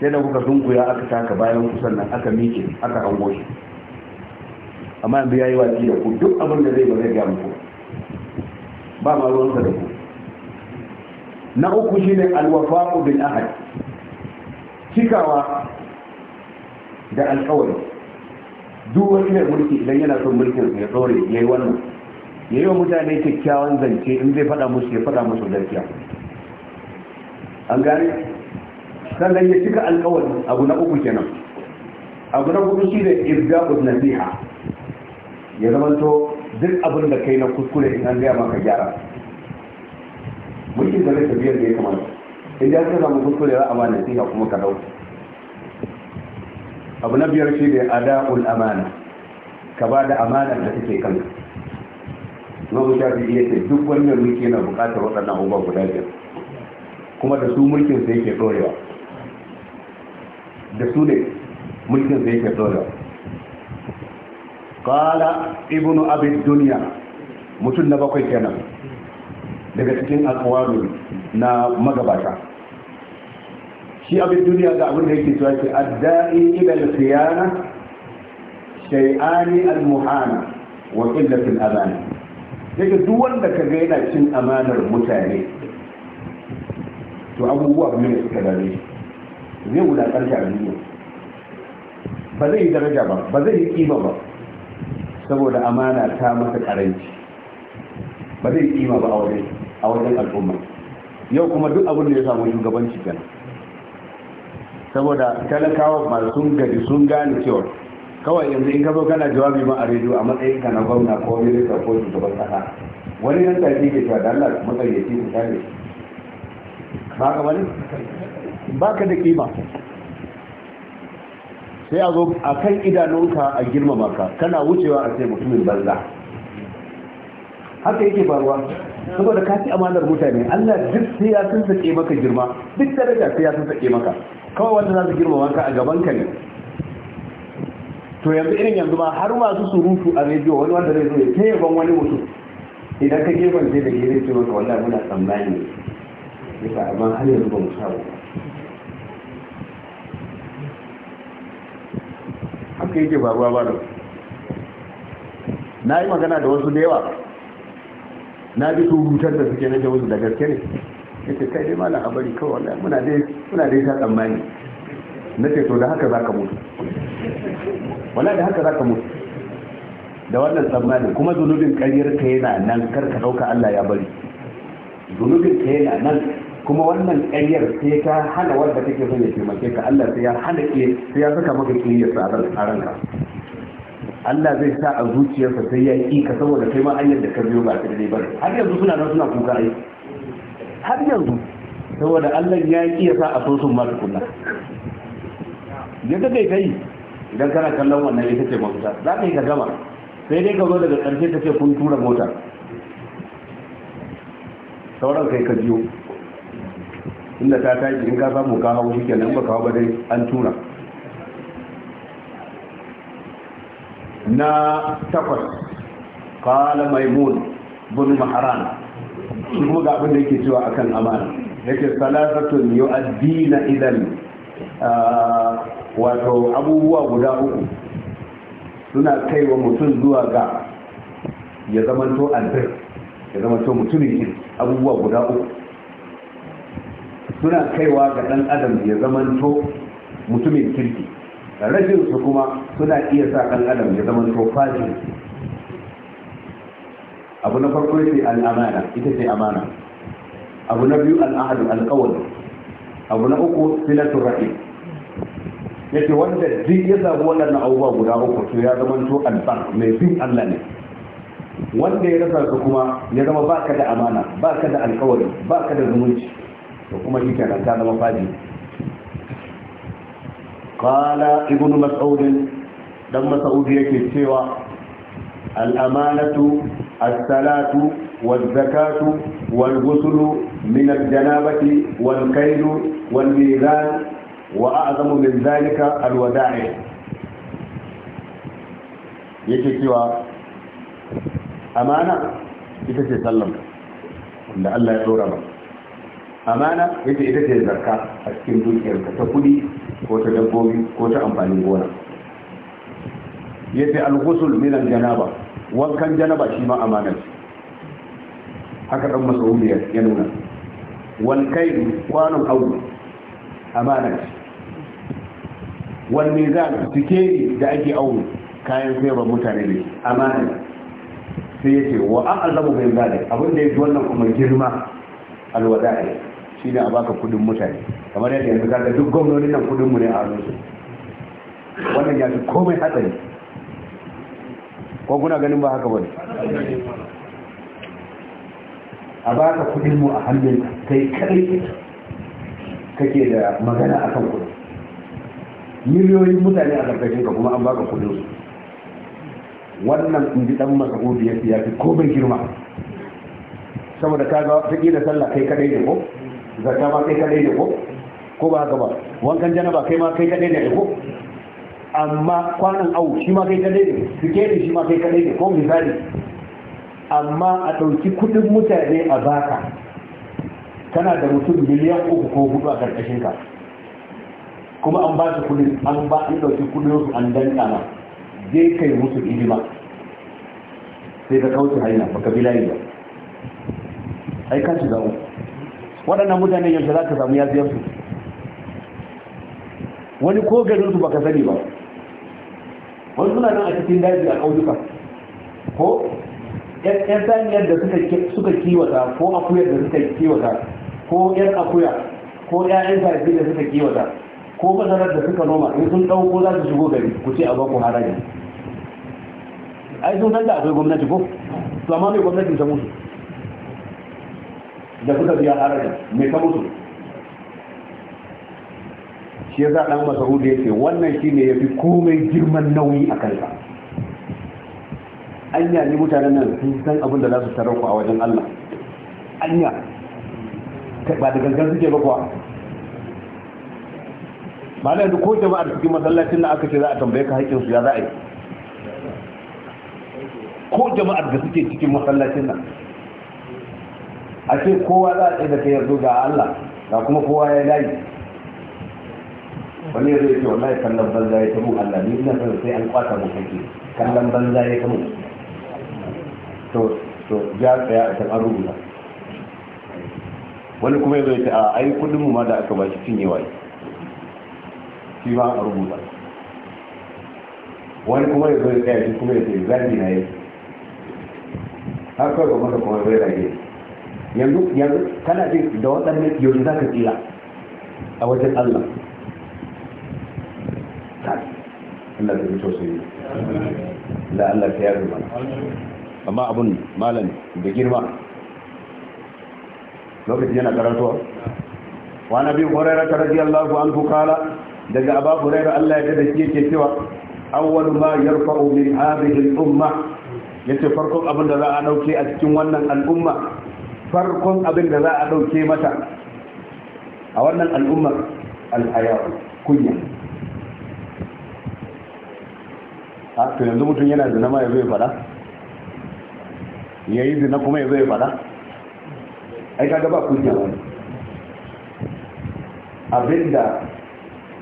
sai da kuka dunkuya aka taka bayan kusan nan aka miƙe aka hango shi amma yanzu ya yi wa da ku duk abin da zai ba zai gaya muku ba ma ruwansa da ku na uku shine alwafa'u bil ahad cikawa da alƙawari duk wani mai mulki idan yana son mulkin ya tsore ya yi wannan ya yi wa mutane kyakkyawan zance in zai faɗa musu ya faɗa musu gaskiya an gane sannan ya cika alkawari abu na uku kenan abu na hudu shi da na nasiha ya to duk abin da kai na kuskure in an gaya maka gyara mulkin da zai tafiyar da ya kamata in ya ka samu kuskure za a ba nasiha kuma ka dau abu na biyar shi da ada'ul amana ka ba da amana da take kanka mu shafi iya ce duk wannan mulki na buƙatar waɗannan abubuwa guda biyar kuma da su mulkin sai yake ɗorewa da su ne mulkin zai ke dole Kala ibnu abi duniya mutum na bakwai kenan daga cikin alƙawarin na magabata shi abin duniya ga abin da yake cewa ce adda'i idan siyana khiyana shay'ani al-muhana wa qillat al-amana yake duk wanda ka gaina cin amanar mutane to abubuwa ne suka dare shi zai a duniya ba zai yi daraja ba ba zai yi kima ba saboda amana ta masa karanci ba zai yi kima ba a wajen al'umma yau kuma duk abin da ya samu shugabanci kan saboda talakawa masu sun gari sun gane cewa kawai yanzu in ka zo kana jawabi ma a rediyo a matsayin ka na gwamna ko minista ko shugaban kasa wani nan tafi ke cewa da Allah ce ku tare ba ka wani baka da kima sai a zo a kan idanunka a girma ka kana wucewa a sai mutumin banza haka yake faruwa saboda ka ci amanar mutane Allah duk sai ya sun sake maka girma duk daraja sai ya sun sake maka kawai wanda za su girma maka a gaban ka ne to yanzu irin yanzu ma har masu surutu a rediyo wani wanda zai zo ya ke yaban wani mutum idan ka gefen sai da gefe ce maka wallahi muna tsammani ne yasa amma har yanzu ba mu samu gaske yake faruwa ba da na yi magana da wasu da yawa na ji rubutar da suke na wasu da gaske ne ya ce kai dai malam abari kawai muna dai ta tsammani na ce to da haka za ka mutu wala da haka za ka mutu da wannan tsammanin kuma zunubin ƙaryar ka yana nan kar ka ɗauka Allah ya bari zunubin ka yana nan kuma wannan ƙaryar sai ta hana wanda take son ya taimake ka Allah sai ya hana ke sai ya saka maka ƙiyayyar sa tsaron ka. Allah zai sa a zuciyarsa sai ya yi ka saboda kai ma hanyar da ka biyo ba ta dai ba har yanzu suna nan suna kuka ai har yanzu saboda Allah ya yi ya sa a so sun ma tukunna ya kai kai idan kana kallon wannan ita ce mafita za ka yi ka gama sai dai ka zo daga ƙarshe ta ce kun tura mota sauran kai ka biyo inda ta yi, in ka samu ka hawo shi nan ba kawo ba dai an tura na takwas kala maimun bin maharan shi kuma ga abin da yake cewa akan amana yake salasatun yu'addina idan wato abubuwa guda uku suna kai wa mutum zuwa ga ya zamanto albir ya zamanto mutumin abubuwa guda uku suna kaiwa ga ɗan adam ya zamanto mutumin kirki rashin su kuma suna iya sa ɗan adam ya zamanto fajin abu na farko ce al'amana ita ce amana abu na biyu al'ahadu alkawal abu na uku filatun rahim ya ce wanda duk ya zabu waɗannan abubuwa guda uku to ya zamanto alfan mai bin allah ne wanda ya rasa su kuma ya zama baka da amana baka da alkawari baka da zumunci to kuma shi kenan ta zama faji Kala ibn mas'ud dan mas'ud yake cewa al-amanatu as-salatu waz-zakatu wal-ghuslu min al-janabati wal-kayl wal-mizan wa a'zamu min dhalika al-wada'i yake cewa amana ita ce sallan da Allah ya dora maka amana ita ita ce zarka a cikin dukiyarka ta kudi ko ta dabbobi ko ta amfanin gona yace al-ghusl min al-janaba wankan janaba shi ma amana ce haka dan mas'uliyar ya nuna wal kai kwanon aure amana ce wal mizan tikeri da ake aure kayan sayarwa mutane ne amana sai yace wa a'lamu min zalik abinda da yake wannan kuma girma alwada'i shine a baka kudin mutane kamar yadda yanzu kaga duk gwamnonin nan kudin mu ne a rusu wannan ya fi komai hatsari ko kuna ganin ba haka bane a baka kudin mu a hannun kai kai kake da magana akan kudi miliyoyin mutane a karkashin ka kuma an baka kudin su wannan in ji dan masahubi ya fi komai girma saboda kaga ta da sallah kai kadai ne ko zakka ma kai kadai ne ko ko ba haka ba wankan jana ba kai ma kai kadai ne ko amma kwanan awu shi ma kai kadai ne sikeli shi ma kai kadai ne ko misali amma a ɗauki kudin mutane a baka kana da mutum miliyan uku ko hudu a karkashin ka kuma an ba su kudin an ba an ɗauki kudin su an danka ma zai kai musu hidima sai ka kauce hanya baka bi layi ba ai ka shiga uku waɗannan mutane yanzu za ka samu su wani ko ba baka sani ba wani suna nan a cikin daji a ƙauyuka ko ƴan saniyar da suka kiwata ko akuyar da suka kiwata ko ƴan akuya ko ƴaƴan zafi da suka kiwata ko masarar da suka noma in sun ɗauko za su shigo gari ku ce a ku haraji ai sun san da akwai gwamnati ko to amma mai gwamnati ta musu da suka biya haraji mai ka musu shi ya zaɗa masa hudu ya ce wannan shi ne ya fi komai girman nauyi a kansa anya ne mutanen nan sun san abin da za su sarrafa a wajen allah anya ba da gangan suke ba kuwa ba da yanzu ko jama'ar cikin masallacin da aka ce za a tambaye ka su ya za a yi ko jama'ar da suke cikin masallacin nan a ce kowa za a ce da ka yanzu ga Allah ga kuma kowa ya layi wani ya zai ce wallahi kallon banza ya tamu Allah ni ina son sai an kwata mu kake kallon banza ya tamu to to ja tsaya a kan rubuta wani kuma ya ce a ai kudin mu ma da aka bashi cinyewa shi ma a rubuta wani kuma ya tsaya shi kuma ya ce zani na yi har kawai ba maka kuma zai rage yanzu yanzu kana jin da waɗannan yau za ka tsira a wajen Allah Allah ta yi sosai da Allah ta yi mana amma abun malam da girma lokacin yana karantuwa wani bin horaira ta rabi Allah an kala daga abu da Allah ya ta da shi yake cewa wani ma yarfa'u min hadhihi al-umma yace farkon abin da za a dauke a cikin wannan al'umma farkon abin da za a ɗauke mata a wannan al'ummar alhayawa kunya a to yanzu mutum yana zina ma ya zai fada ya yi zina kuma ya zai fada ai kaga ba kunya wani abinda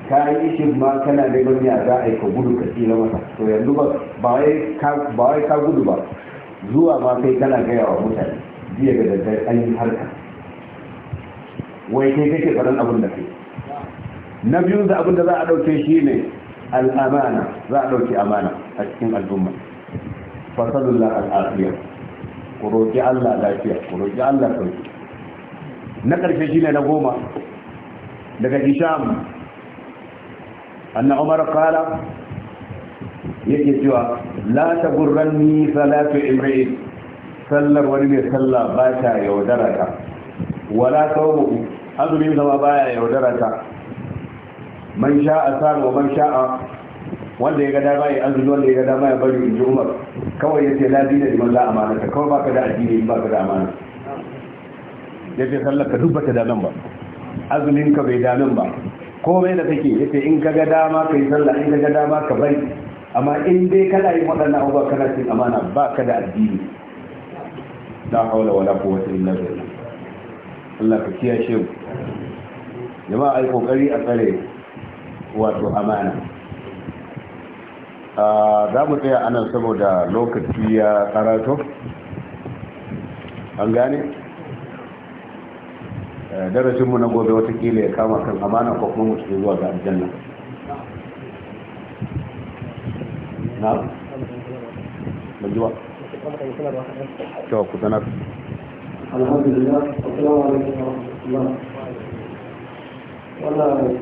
ka yi shi ma kana neman ya za a yi ka gudu ka tsira masa to yanzu ba wai ka gudu ba zuwa ma kai kana gaya wa mutane jiya ga daddare an yi harka wai kai kake tsaron abin da kai na biyu da abin da za a ɗauke shi ne al'amana za a ɗauke amana a cikin al'umma fasalullah al'afiyar ku roƙi allah lafiya ku roƙi allah sauki na ƙarshe shi ne na goma daga isham anna umar kala yake cewa la ta gurranni salatu imra'in sallar wani mai sallah ba ta yaudara ta wala kawo azumin zama baya yaudara ta man sha'a wa man sha'a wanda ya ga dama ya azumi wanda ya ga dama ya bari inji umar kawai ya ce ladi da liman la mana' ta kawai baka da addini ba ka da amana ya ce sallar ka dubbata da nan ba azumin ka bai da nan ba komai da take ya ce in ka ga dama ka yi sallah in ka ga dama ka bari amma in dai kana yin waɗannan abubuwa kana cin amana ba ka da addini la haula wala quwwata illa billah Allah ka kiyaye mu jama'a ai kokari a tsare wato amana ah, za mu tsaya anan saboda lokaci ya karato an gane eh, darasinmu na gobe watakila ya kama kan amana ko kuma mu zuwa ga aljanna na? to ku sanar alhamdulillah assalamu alaikum wa wannan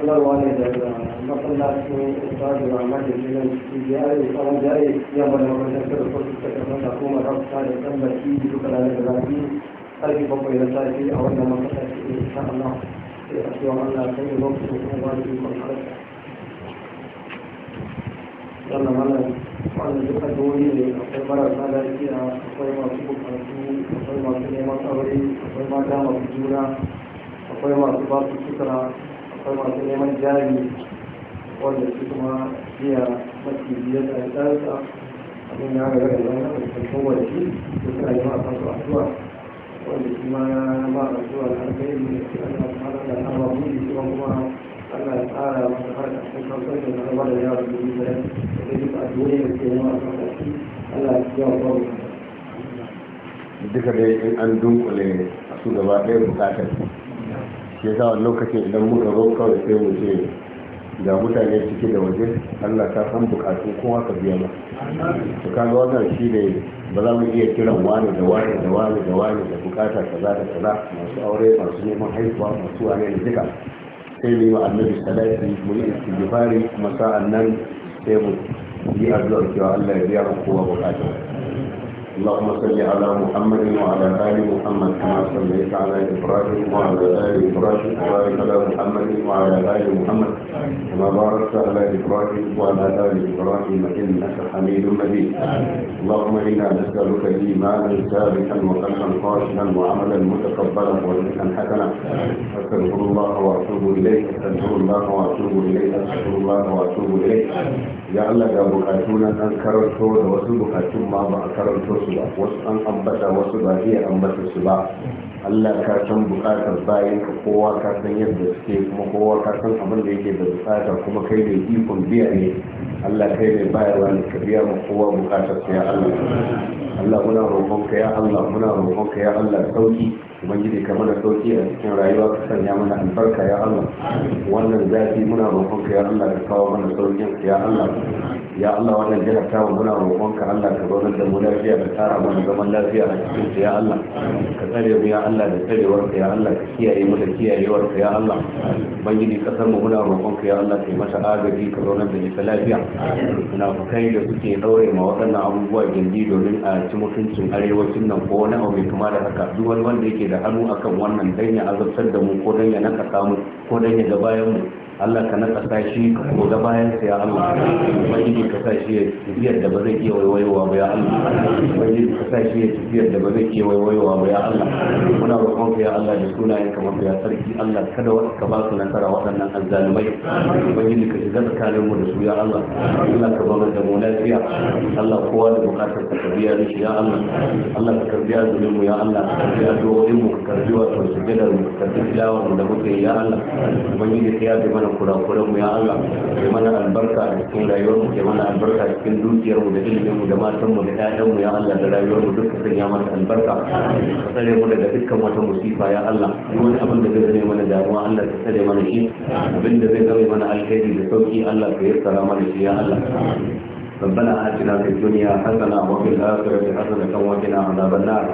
sanarwa ne daga masallacin rajin ramadi nan jari tsawon jari yamma da makarantar da kwasu ta kasar da kuma rafta da tsallar ibi duka da daga zafi ƙarfi bakwai na safe a wannan masallaci ne sha Allah sai a cewa Allah sai ya zo kuma ba da ikon harkar yalla mana wanda duka dole ne akwai marasa lafiya akwai masu bukatu akwai masu neman aure akwai mata masu juna akwai masu basu sutura akwai masu neman jari wanda su kuma biya mafi biyar da tsarsa abin ya gagara da wani abokan wajen da suna yi masu asuwa, wanda shi ma ya ma addu'a da alkhairi da su ana da al'amari kuma Allah ya a cikin da da da da da Allah ya ba mu duka dai in an dunkule su gaba ɗaya bukatar shi yasa wani lokaci idan muka zo kawai sai mu ce da mutane ciki da waje Allah ta san bukatu kowa ka biya ba to kaga wannan shi ne ba za mu iya kiran wani da wani da wani da wani da bukata kaza da kaza masu aure masu neman haihuwa masu wane da duka sai mu yi wa annabi salati mu yi istighfari kuma sa'an nan sai mu yi addu'a cewa Allah ya biya mu kowa bukatun اللهم صل على محمد وعلى ال محمد كما صليت على ابراهيم وعلى ال ابراهيم وبارك على محمد وعلى ال محمد كما باركت على ابراهيم وعلى ال ابراهيم انك حميد مجيد اللهم انا نسالك ايمانا ثابتا وقلبا خاشعا وعملا متقبلا ورزقا حسنا استغفر الله واتوب اليك استغفر الله واتوب اليك استغفر الله واتوب اليك يا الله يا بكاتونا ان كررتوا وسبكاتوا ما بكررتوا su ba wasu an ambata wasu ba zai ambata su ba Allah ka san bukatar bayan ka kowa ka san yadda suke kuma kowa ka san abin da yake da bukata kuma kai ne ikon biya ne Allah kai ne bayarwa ne ka biya ma kowa bukatar ya Allah Allah muna roƙonka ya Allah muna roƙonka ya Allah sauki ubangiji ka mana sauki a cikin rayuwa ka sanya mana albarka ya Allah wannan zafi muna roƙon ka ya Allah ka kawo mana saukin ya Allah ya Allah wannan jira ta muna roƙon ka Allah ka zaunar da mu lafiya da tsara mana zaman lafiya a cikin ya Allah ka tsare mu ya Allah da tsarewar ka ya Allah ka kiyaye mu da kiyayewar ka ya Allah ubangiji san mu muna roƙon ka ya Allah ka yi mata agaji ka zaunar da ita lafiya munafukai da suke daure ma waɗannan abubuwa gindi domin a ci mutuncin arewacin nan ko wani abu kuma da haka duk wani wanda yake da hannu akan wannan dan ya azabtar da mu ko dan ya nakasa mu ko dan ya ga bayan mu Allah ka naka sa shi ka koga bayan sa ya Allah ubangiji ka sa shi ya tafiyar da ba zai iya waiwaiwa ba ya Allah ubangiji ka sa shi ya tafiyar da ba zai iya waiwaiwa ba ya Allah muna roƙon ka ya Allah da sunayen kamar ya sarki Allah kada ka ba su nasara waɗannan azzalumai ubangiji ka shiga tsakanin mu da su ya Allah Allah ka zama da mu lafiya Allah kowa da bukatar ka biya shi ya Allah Allah ka karbi azumin mu ya Allah ka karbi addu'o'in mu ka karbi wato sujjadar mu ka karbi tilawar mu da muke ya Allah ubangiji ka yafe mana kurakuran mu ya Allah ya mana albarka a cikin rayuwar mu ya mana albarka a cikin dukiyar mu da ilimin mu da matan mu da ƴaƴan mu ya Allah da rayuwar mu duka sun ya mana albarka ka tsare mu daga dukkan wata musifa ya Allah duk wani abin da zai zame mana damuwa Allah ka tsare mana shi abin da zai zame mana alheri da sauki Allah ka yassara mana shi ya Allah ربنا آتنا في الدنيا حسنة وفي الآخرة حسنة وقنا عذاب النار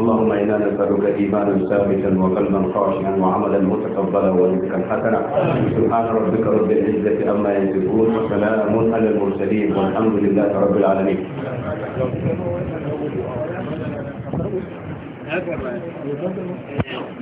اللهم إنا نسألك إيمانا ثابتا وقلبا خاشعا وعملا متقبلا ورزقا حسنا سبحان ربك رب العزة عما يصفون وسلام على المرسلين والحمد لله رب العالمين Thank you.